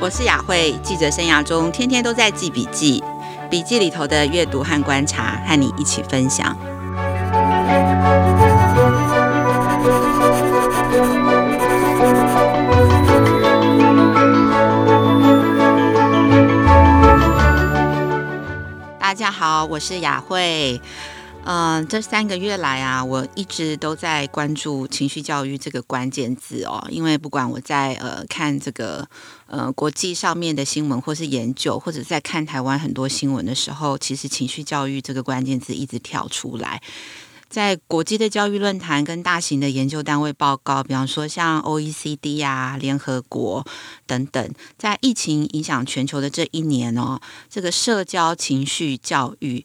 我是雅慧，記者生涯中，天天都在記筆記，筆記裡頭的閱讀和觀察，和你一起分享。大家好，我是雅慧。嗯，這三個月來啊，我一直都在關注“情緒教育”這個關鍵字哦，因為不管我在呃看這個呃國際上面的新聞，或是研究，或者在看台灣很多新聞的時候，其實“情緒教育”這個關鍵字一直跳出來。在國際的教育論壇跟大型的研究單位報告，比方說像 OECD 啊、聯合國等等，在疫情影響全球的這一年哦，這個社交情緒教育。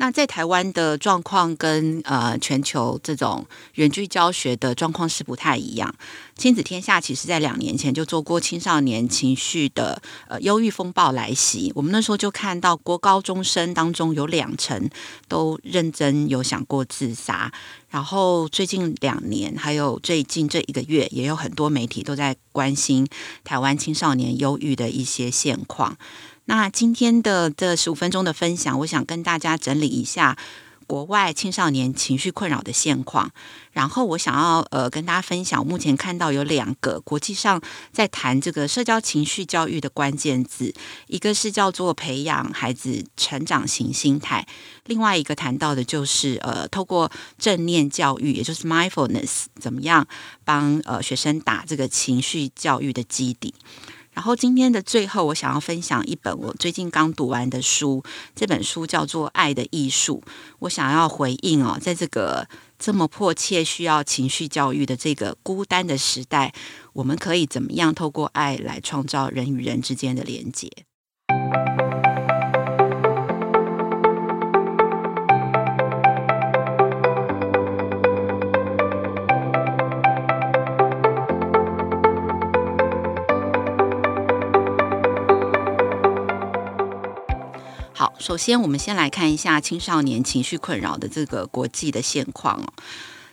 那在台灣的狀況跟呃全球這種遠距教學的狀況是不太一樣。親子天下其實在兩年前就做過青少年情緒的呃憂鬱風暴來襲，我們那時候就看到國高中生當中有兩成都認真有想過自殺。然後最近兩年，還有最近這一個月，也有很多媒體都在關心台灣青少年憂鬱的一些現況。那今天的這十五分鐘的分享，我想跟大家整理一下國外青少年情緒困擾的現況。然後我想要呃跟大家分享，目前看到有兩個國際上在談這個社交情緒教育的關鍵字，一個是叫做培養孩子成長型心態，另外一個談到的就是呃透過正念教育，也就是 mindfulness，怎麼樣幫呃學生打這個情緒教育的基底。然後今天的最後，我想要分享一本我最近剛讀完的書，這本書叫做《愛的藝術》。我想要回應哦，在這個這麼迫切需要情緒教育的這個孤單的時代，我們可以怎麼樣透過愛來創造人與人之間的連結？首先，我們先來看一下青少年情緒困擾的這個國際的現況哦。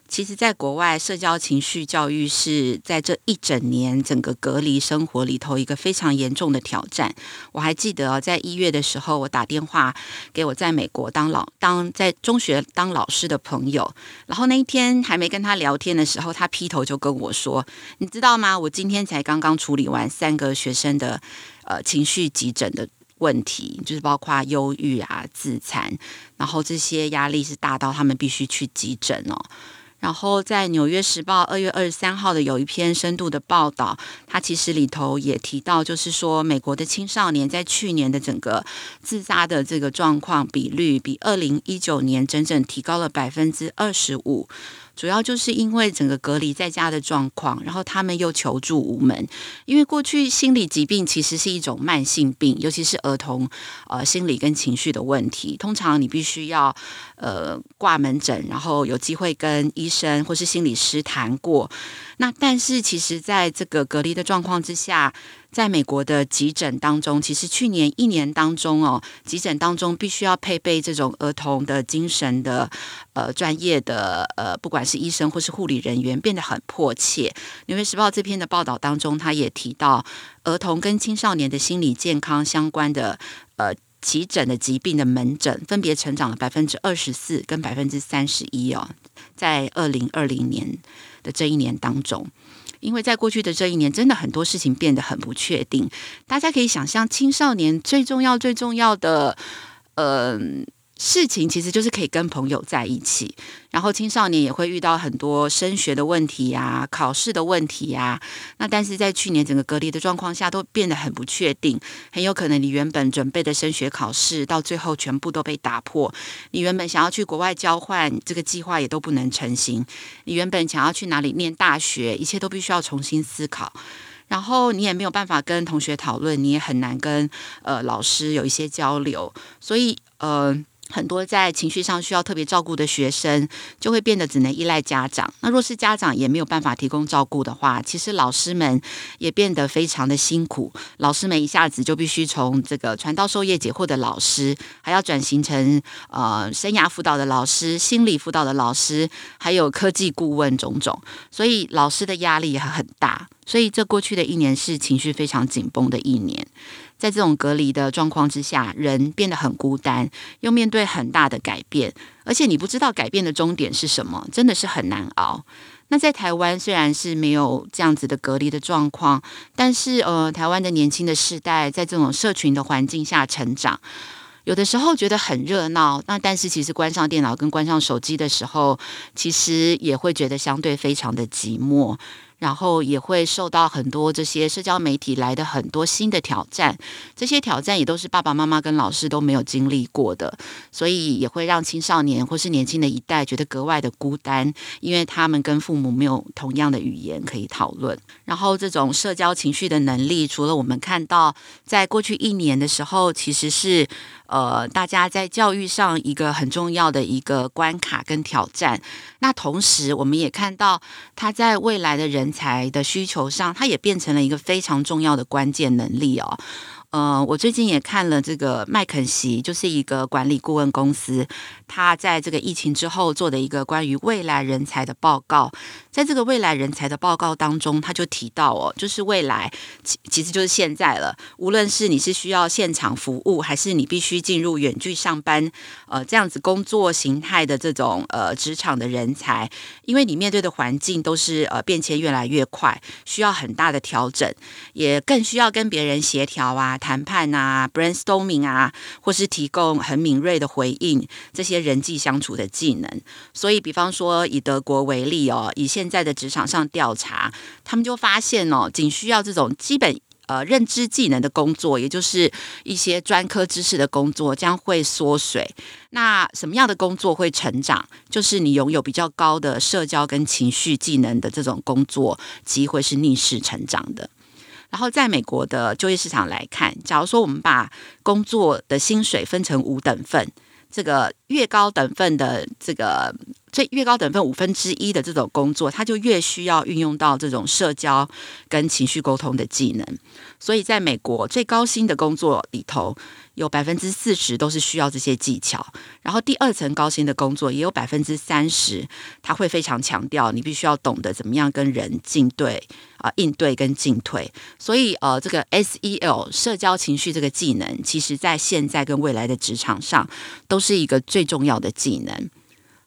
其實，在國外，社交情緒教育是在這一整年整個隔離生活裡頭一個非常嚴重的挑戰。我還記得哦，在一月的時候，我打電話給我在美國當老當在中學當老師的朋友，然後那一天還沒跟他聊天的時候，他劈頭就跟我說：“你知道嗎？我今天才剛剛處理完三個學生的呃情緒急診的。”問題就是包括憂鬱啊、自殘，然後這些壓力是大到他們必須去急診哦、喔。然後在《紐約時報》二月二十三號的有一篇深度的報道，它其實裡頭也提到，就是說美國的青少年在去年的整個自殺的這個狀況比率，比二零一九年整整提高了百分之二十五。主要就是因為整個隔離在家的狀況，然後他們又求助無門。因為過去心理疾病其實是一種慢性病，尤其是兒童，呃，心理跟情緒的問題，通常你必須要呃掛門診，然後有機會跟醫生或是心理師談過。那但是其實在這個隔離的狀況之下。在美國的急診當中，其實去年一年當中哦，急診當中必須要配備這種兒童的精神的呃專業的呃，不管是醫生或是護理人員，變得很迫切。紐約時報這篇的報道當中，他也提到，兒童跟青少年的心理健康相關的呃急診的疾病的門診，分別成長了百分之二十四跟百分之三十一哦，在二零二零年的這一年當中。因為在過去的這一年，真的很多事情變得很不確定。大家可以想象，青少年最重要、最重要的，嗯、呃。事情其實就是可以跟朋友在一起，然後青少年也會遇到很多升學的問題呀、啊、考試的問題呀、啊。那但是在去年整個隔離的狀況下，都變得很不確定，很有可能你原本準備的升學考試到最後全部都被打破，你原本想要去國外交換這個計劃也都不能成型，你原本想要去哪裡念大學，一切都必須要重新思考。然後你也沒有辦法跟同學討論，你也很難跟呃老師有一些交流，所以呃。很多在情緒上需要特別照顧的學生，就會變得只能依賴家長。那若是家長也沒有辦法提供照顧的話，其實老師們也變得非常的辛苦。老師們一下子就必須從這個傳道授業解惑的老師，還要轉型成呃生涯輔導的老師、心理輔導的老師，還有科技顧問種種。所以老師的壓力也很大。所以這過去的一年是情緒非常緊繃的一年。在這種隔離的狀況之下，人變得很孤單，又面對很大的改變，而且你不知道改變的終點是什麼，真的是很難熬。那在台灣雖然是沒有這樣子的隔離的狀況，但是呃，台灣的年輕的世代在這種社群的環境下成長，有的時候覺得很熱鬧，那但是其實關上電腦跟關上手機的時候，其實也會覺得相對非常的寂寞。然後也會受到很多這些社交媒體來的很多新的挑戰，這些挑戰也都是爸爸媽媽跟老師都沒有經歷過的，所以也會讓青少年或是年輕的一代覺得格外的孤單，因為他們跟父母沒有同樣的語言可以討論。然後這種社交情緒的能力，除了我們看到在過去一年的時候，其實是。呃，大家在教育上一個很重要的一個關卡跟挑戰。那同時，我們也看到他在未來的人才的需求上，他也變成了一個非常重要的關鍵能力哦。嗯、呃，我最近也看了這個麥肯錫，就是一個管理顧問公司，他在這個疫情之後做的一個關於未來人才的報告。在這個未來人才的報告當中，他就提到哦，就是未來其、其實就是現在了。無論是你是需要現場服務，還是你必須進入遠距上班，呃，這樣子工作形態的這種呃職場的人才，因為你面對的環境都是呃變遷越來越快，需要很大的調整，也更需要跟別人協調啊。談判啊，brainstorming 啊，或是提供很敏銳的回應，這些人際相處的技能。所以，比方說以德國為例哦，以現在的職場上調查，他們就發現哦，僅需要這種基本呃認知技能的工作，也就是一些專科知識的工作，將會縮水。那什麼樣的工作會成長？就是你擁有比較高的社交跟情緒技能的這種工作，機會是逆勢成長的。然後，在美國的就業市場來看，假如說我們把工作的薪水分成五等份，這個越高等份的這個，最越高等份五分之一的這種工作，它就越需要運用到這種社交跟情緒溝通的技能。所以，在美國最高薪的工作裡頭，有百分之四十都是需要這些技巧，然後第二層高薪的工作也有百分之三十，他會非常強調你必須要懂得怎麼樣跟人進對啊、呃、應對跟進退，所以呃這個 SEL 社交情緒這個技能，其實在現在跟未來的職場上都是一個最重要的技能。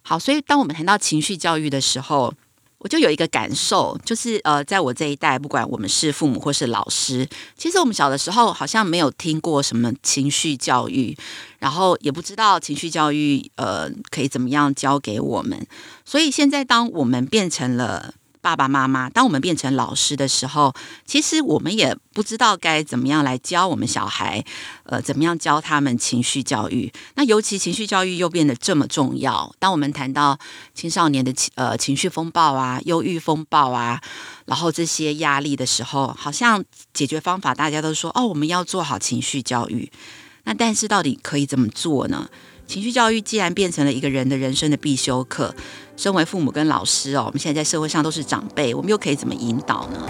好，所以當我們談到情緒教育的時候。我就有一個感受，就是呃，在我這一代，不管我們是父母或是老師，其實我們小的時候好像沒有聽過什麼情緒教育，然後也不知道情緒教育呃可以怎麼樣教給我們，所以現在當我們變成了。爸爸媽媽，當我們變成老師的時候，其實我們也不知道該怎麼樣來教我們小孩，呃，怎麼樣教他們情緒教育。那尤其情緒教育又變得這麼重要，當我們談到青少年的情呃情緒風暴啊、憂鬱風暴啊，然後這些壓力的時候，好像解決方法大家都說哦，我們要做好情緒教育。那但是到底可以怎麼做呢？情緒教育既然變成了一個人的人生的必修課，身為父母跟老師哦，我們現在在社會上都是長輩，我們又可以怎麼引導呢？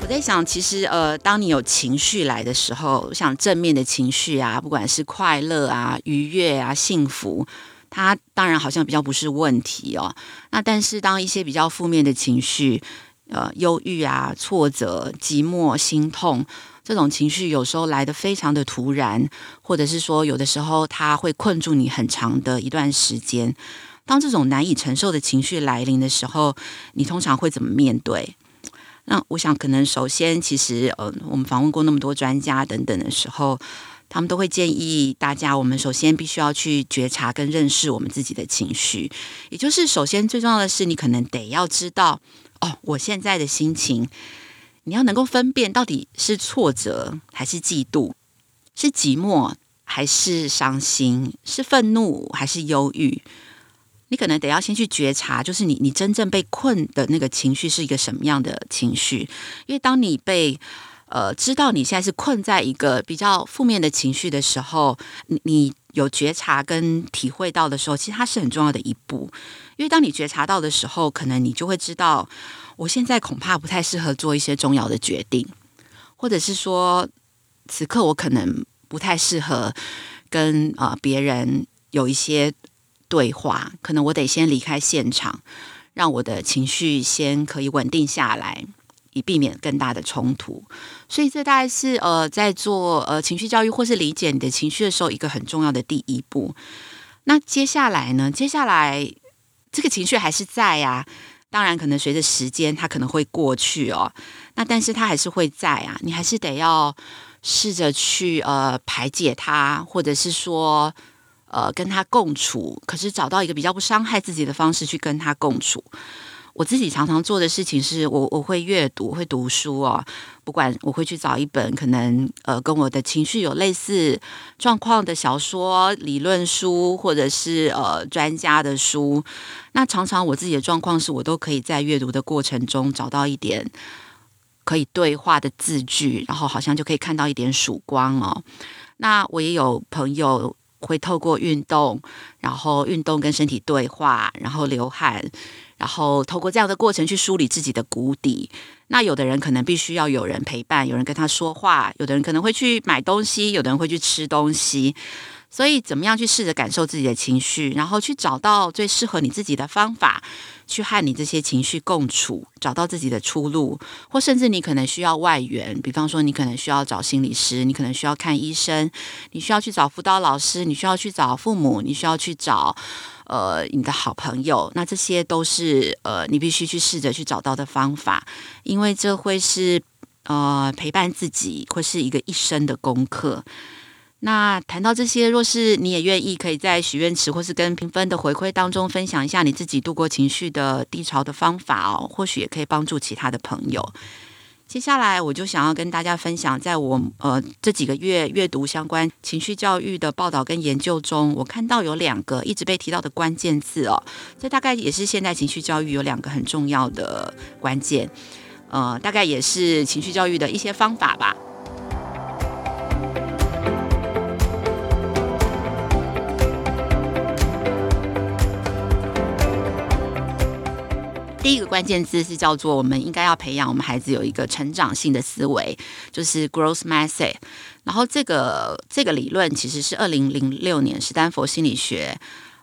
我在想，其實呃，當你有情緒來的時候，像正面的情緒啊，不管是快樂啊、愉悅啊、幸福。他當然好像比較不是問題哦，那但是當一些比較負面的情緒，呃，憂鬱啊、挫折、寂寞、心痛這種情緒，有時候來得非常的突然，或者是說有的時候它會困住你很長的一段時間。當這種難以承受的情緒來臨的時候，你通常會怎麼面對？那我想可能首先，其實呃，我們訪問過那麼多專家等等的時候。他們都會建議大家，我們首先必須要去覺察跟認識我們自己的情緒。也就是，首先最重要的是，你可能得要知道，哦，我現在的心情，你要能夠分辨到底是挫折還是嫉妒，是寂寞還是傷心，是憤怒還是憂鬱。你可能得要先去覺察，就是你你真正被困的那個情緒是一個什麼樣的情緒，因為當你被呃，知道你現在是困在一個比較負面的情緒的時候，你你有覺察跟體會到的時候，其實它是很重要的一步。因為當你覺察到的時候，可能你就會知道，我現在恐怕不太適合做一些重要的決定，或者是說，此刻我可能不太適合跟啊別人有一些對話，可能我得先離開現場，讓我的情緒先可以穩定下來。以避免更大的衝突，所以這大概是呃，在做呃情緒教育或是理解你的情緒的時候，一個很重要的第一步。那接下來呢？接下來這個情緒還是在呀，當然可能隨着時間，它可能會過去哦。那但是它還是會在啊，你還是得要試着去呃排解它，或者是說呃跟它共處，可是找到一個比較不傷害自己的方式去跟它共處。我自己常常做的事情是我我會閱讀，會讀書哦，不管我會去找一本可能呃跟我的情緒有類似狀況的小說、理論書，或者是呃專家的書。那常常我自己的狀況是我都可以在閱讀的過程中找到一點可以對話的字句，然後好像就可以看到一點曙光哦。那我也有朋友會透過運動，然後運動跟身體對話，然後流汗。然後透過這樣的過程去梳理自己的谷底，那有的人可能必須要有人陪伴，有人跟他說話，有的人可能會去買東西，有的人會去吃東西。所以，怎麼樣去試着感受自己的情緒，然後去找到最適合你自己的方法，去和你這些情緒共處，找到自己的出路，或甚至你可能需要外援，比方說你可能需要找心理師，你可能需要看醫生，你需要去找輔導老師，你需要去找父母，你需要去找呃你的好朋友，那這些都是呃你必須去試着去找到的方法，因為這會是呃陪伴自己會是一個一生的功課。那談到這些，若是你也願意，可以在許願池或是跟評分的回饋當中分享一下你自己度過情緒的低潮的方法哦，或許也可以幫助其他的朋友。接下來我就想要跟大家分享，在我呃這幾個月閱讀相關情緒教育的報道跟研究中，我看到有兩個一直被提到的關鍵字哦，這大概也是現代情緒教育有兩個很重要的關鍵，呃，大概也是情緒教育的一些方法吧。第一個關鍵字是叫做，我們應該要培養我們孩子有一個成長性的思維，就是 growth mindset。然後這個這個理論其實是二零零六年，史丹佛心理學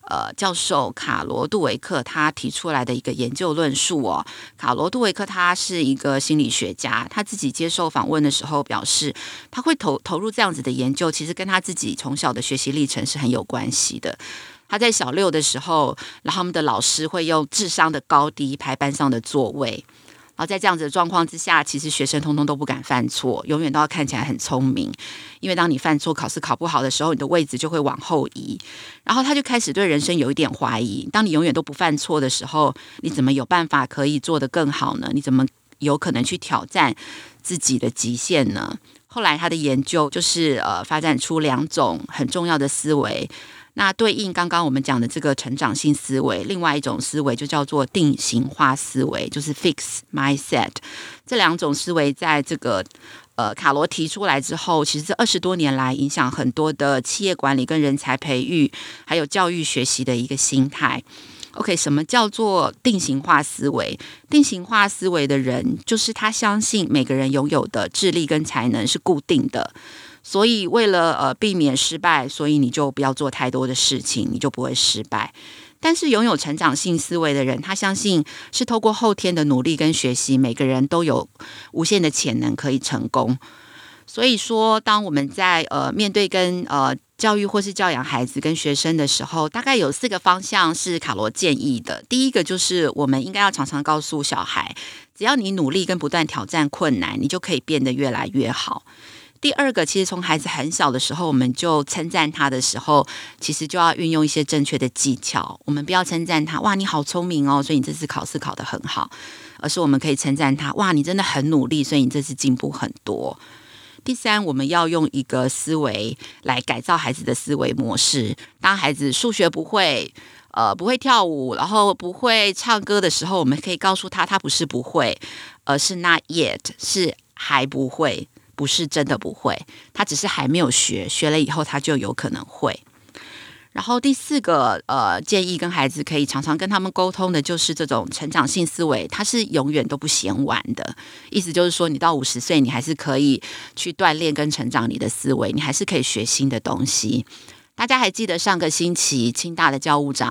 呃教授卡羅杜維克他提出來的一個研究論述哦。卡羅杜維克他是一個心理學家，他自己接受訪問的時候表示，他會投投入這樣子的研究，其實跟他自己從小的學習歷程是很有關係的。他在小六的時候，然後他們的老師會用智商的高低排班上的座位，然後在這樣子的狀況之下，其實學生通通都不敢犯錯，永遠都要看起來很聰明，因為當你犯錯、考試考不好的時候，你的位置就會往後移，然後他就開始對人生有一點懷疑。當你永遠都不犯錯的時候，你怎麼有辦法可以做得更好呢？你怎麼有可能去挑戰自己的極限呢？後來他的研究就是呃，發展出兩種很重要的思維。那對應剛剛我們講的這個成長性思維，另外一種思維就叫做定型化思維，就是 fixed mindset。這兩種思維在這個呃卡羅提出來之後，其實這二十多年來影響很多的企業管理跟人才培育，還有教育學習的一個心態。OK，什麼叫做定型化思維？定型化思維的人，就是他相信每個人擁有的智力跟才能是固定的。所以，為了呃避免失敗，所以你就不要做太多的事情，你就不會失敗。但是，擁有成長性思維的人，他相信是透過後天的努力跟學習，每個人都有無限的潛能可以成功。所以說，當我們在呃面對跟呃教育或是教養孩子跟學生的時候，大概有四個方向是卡羅建議的。第一個就是，我們應該要常常告訴小孩，只要你努力跟不斷挑戰困難，你就可以變得越來越好。第二個，其實從孩子很小的時候，我們就稱讚他的時候，其實就要運用一些正確的技巧。我們不要稱讚他：“哇，你好聰明哦，所以你這次考試考得很好。”而是我們可以稱讚他：“哇，你真的很努力，所以你這次進步很多。”第三，我們要用一個思維來改造孩子的思維模式。當孩子數學不會、呃不會跳舞，然後不會唱歌的時候，我們可以告訴他：“他不是不會，而是 not yet，是還不會。”不是真的不會，他只是還沒有學，學了以後他就有可能會。然後第四個，呃，建議跟孩子可以常常跟他們溝通的，就是這種成長性思維，它是永遠都不嫌晚的。意思就是說，你到五十歲，你還是可以去鍛鍊跟成長你的思維，你還是可以學新的東西。大家還記得上個星期清大的教務長，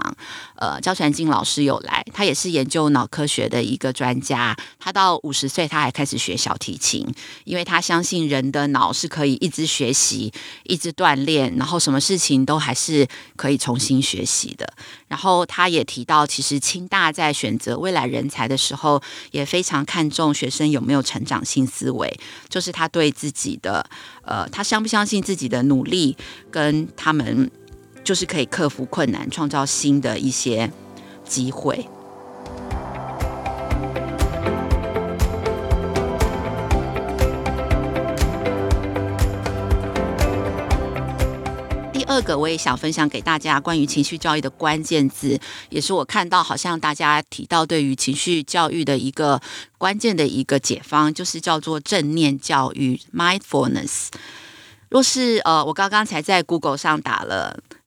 呃，焦傳金老師有來，他也是研究腦科學的一個專家。他到五十歲他還開始學小提琴，因為他相信人的腦是可以一直學習、一直鍛鍊，然後什麼事情都還是可以重新學習的。然後他也提到，其實清大在選擇未來人才的時候，也非常看重學生有沒有成長性思維，就是他對自己的，呃，他相不相信自己的努力跟他們。就是可以克服困難，創造新的一些機會。第二個，我也想分享給大家關於情緒教育的關鍵字，也是我看到好像大家提到對於情緒教育的一個關鍵的一個解方，就是叫做正念教育 mindfulness。若是呃，我剛剛才在 Google 上打了。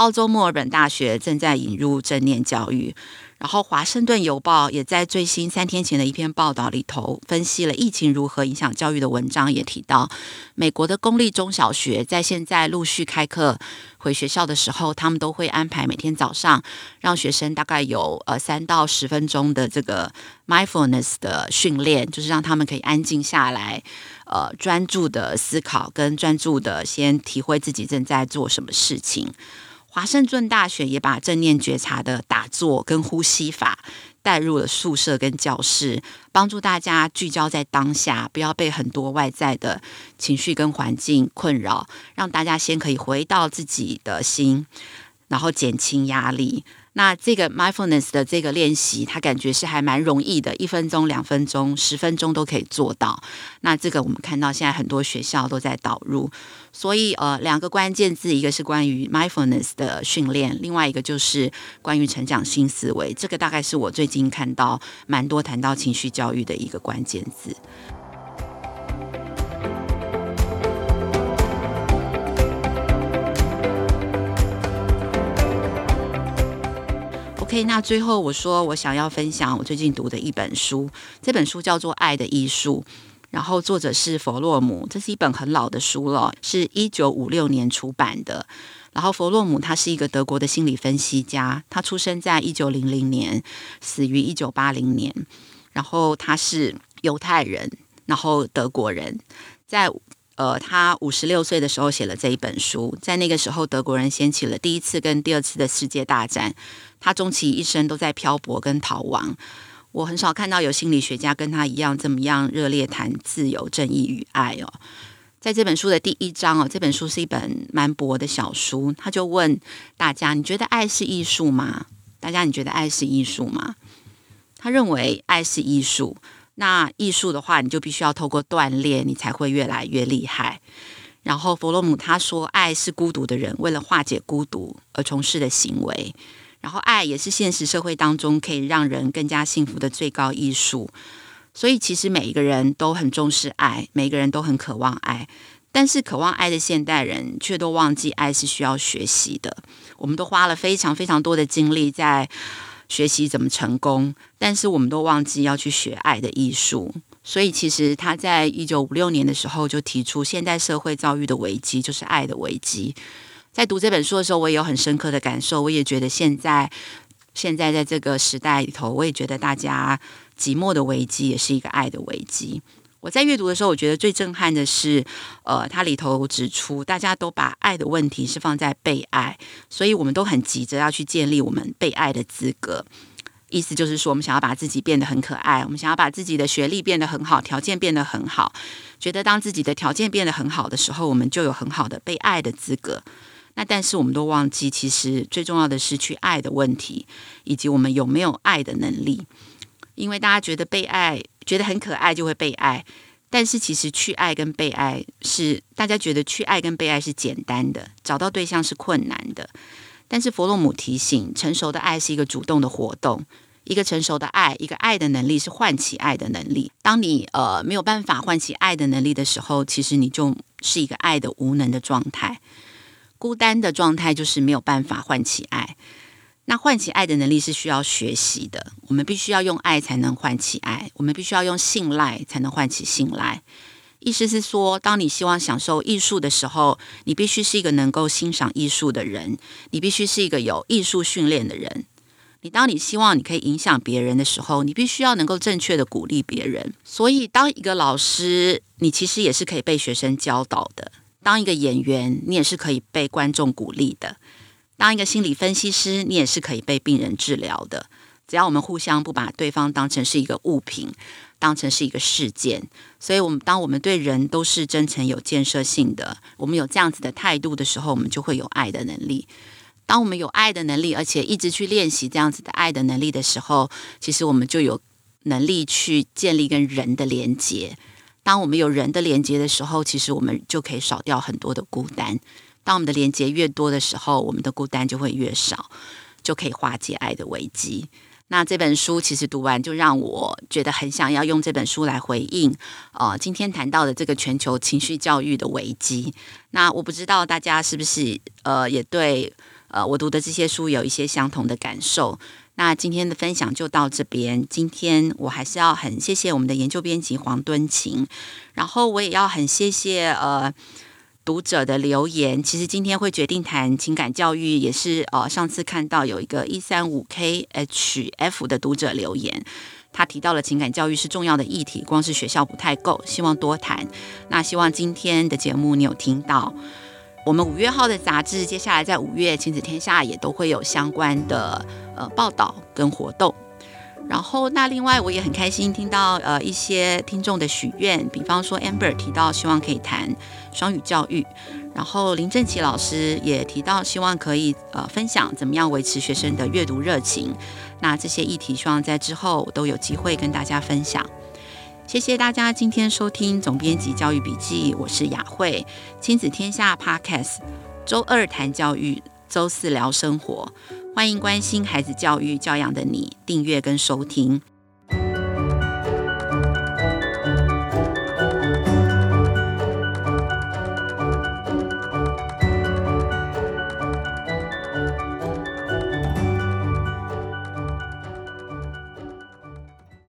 澳洲墨爾本大學正在引入正念教育，然後《華盛頓郵報》也在最新三天前的一篇報道裡頭分析了疫情如何影響教育的文章，也提到美國的公立中小學在現在陸續開課回學校的時候，他們都會安排每天早上讓學生大概有呃三到十分鐘的這個 mindfulness 的訓練，就是讓他們可以安靜下來，呃，專注的思考跟專注的先體會自己正在做什麼事情。華盛頓大學也把正念覺察的打坐跟呼吸法帶入了宿舍跟教室，幫助大家聚焦在當下，不要被很多外在的情緒跟環境困擾，讓大家先可以回到自己的心，然後減輕壓力。那這個 mindfulness 的這個練習，它感覺是還蠻容易的，一分鐘、兩分鐘、十分鐘都可以做到。那這個我們看到現在很多學校都在導入，所以呃，兩個關鍵字，一個是關於 mindfulness 的訓練，另外一個就是關於成長性思維。這個大概是我最近看到蠻多談到情緒教育的一個關鍵字。OK，那最後我說，我想要分享我最近讀的一本書，這本書叫做《愛的藝術》，然後作者是弗洛姆，這是一本很老的書了，是一九五六年出版的。然後弗洛姆他是一個德國的心理分析家，他出生在一九零零年，死於一九八零年。然後他是猶太人，然後德國人，在呃他五十六歲的時候寫了這一本書，在那個時候德國人掀起了第一次跟第二次的世界大戰。他終其一生都在漂泊跟逃亡。我很少看到有心理學家跟他一樣這麼樣熱烈談自由、正義與愛哦。在這本書的第一章哦，這本書是一本蠻薄的小書，他就問大家：你覺得愛是藝術嗎？大家你覺得愛是藝術嗎？他認為愛是藝術，那藝術的話，你就必須要透過鍛鍊，你才會越來越厲害。然後弗洛姆他說：愛是孤獨的人為了化解孤獨而從事的行為。然後，愛也是現實社會當中可以讓人更加幸福的最高藝術。所以，其實每一個人都很重視愛，每一個人都很渴望愛。但是，渴望愛的現代人卻都忘記，愛是需要學習的。我們都花了非常非常多的精力在學習怎麼成功，但是我們都忘記要去學愛的藝術。所以，其實他在一九五六年的時候就提出，現代社會遭遇的危機就是愛的危機。在讀這本書的時候，我也有很深刻的感受。我也覺得現在，現在在這個時代裡頭，我也覺得大家寂寞的危機也是一個愛的危機。我在閱讀的時候，我覺得最震撼的是，呃，它裡頭指出，大家都把愛的問題是放在被愛，所以我們都很急着要去建立我們被愛的資格。意思就是說，我們想要把自己變得很可愛，我們想要把自己的學歷變得很好，條件變得很好，覺得當自己的條件變得很好的時候，我們就有很好的被愛的資格。那但是我們都忘記，其實最重要的是去愛的問題，以及我們有沒有愛的能力。因為大家覺得被愛，覺得很可愛就會被愛，但是其實去愛跟被愛是大家覺得去愛跟被愛是簡單的，找到對象是困難的。但是佛洛姆提醒，成熟的愛是一個主動的活動，一個成熟的愛，一個愛的能力是喚起愛的能力。當你呃沒有辦法喚起愛的能力的時候，其實你就是一個愛的無能的狀態。孤單的狀態就是沒有辦法喚起愛。那喚起愛的能力是需要學習的。我們必須要用愛才能喚起愛，我們必須要用信賴才能喚起信賴。意思是說，當你希望享受藝術的時候，你必須是一個能夠欣賞藝術的人，你必須是一個有藝術訓練的人。你當你希望你可以影響別人的時候，你必須要能夠正確的鼓勵別人。所以，當一個老師，你其實也是可以被學生教導的。當一個演員，你也是可以被觀眾鼓勵的；當一個心理分析師，你也是可以被病人治療的。只要我們互相不把對方當成是一個物品，當成是一個事件，所以我們當我們對人都是真誠、有建設性的，我們有這樣子的態度的時候，我們就會有愛的能力。當我們有愛的能力，而且一直去練習這樣子的愛的能力的時候，其實我們就有能力去建立跟人的連結。當我們有人的連接的時候，其實我們就可以少掉很多的孤單。當我們的連接越多的時候，我們的孤單就會越少，就可以化解愛的危機。那這本書其實讀完，就讓我覺得很想要用這本書來回應，呃，今天談到的這個全球情緒教育的危機。那我不知道大家是不是，呃，也對，呃，我讀的這些書有一些相同的感受。那今天的分享就到這邊。今天我還是要很謝謝我們的研究編輯黃敦晴，然後我也要很謝謝呃讀者的留言。其實今天會決定談情感教育，也是呃上次看到有一個一三五 khf 的讀者留言，他提到了情感教育是重要的議題，光是學校不太夠，希望多談。那希望今天的節目你有聽到。我們五月號的雜誌，接下來在五月《親子天下》也都會有相關的呃報道跟活動。然後，那另外我也很開心聽到呃一些聽眾的許願，比方說 Amber 提到希望可以談雙語教育，然後林正奇老師也提到希望可以呃分享怎麼樣維持學生的閱讀熱情。那這些議題，希望在之後都有機會跟大家分享。謝謝大家今天收聽總編輯教育筆記，我是雅慧，親子天下 Podcast，週二談教育，週四聊生活，歡迎關心孩子教育教養的你訂閱跟收聽。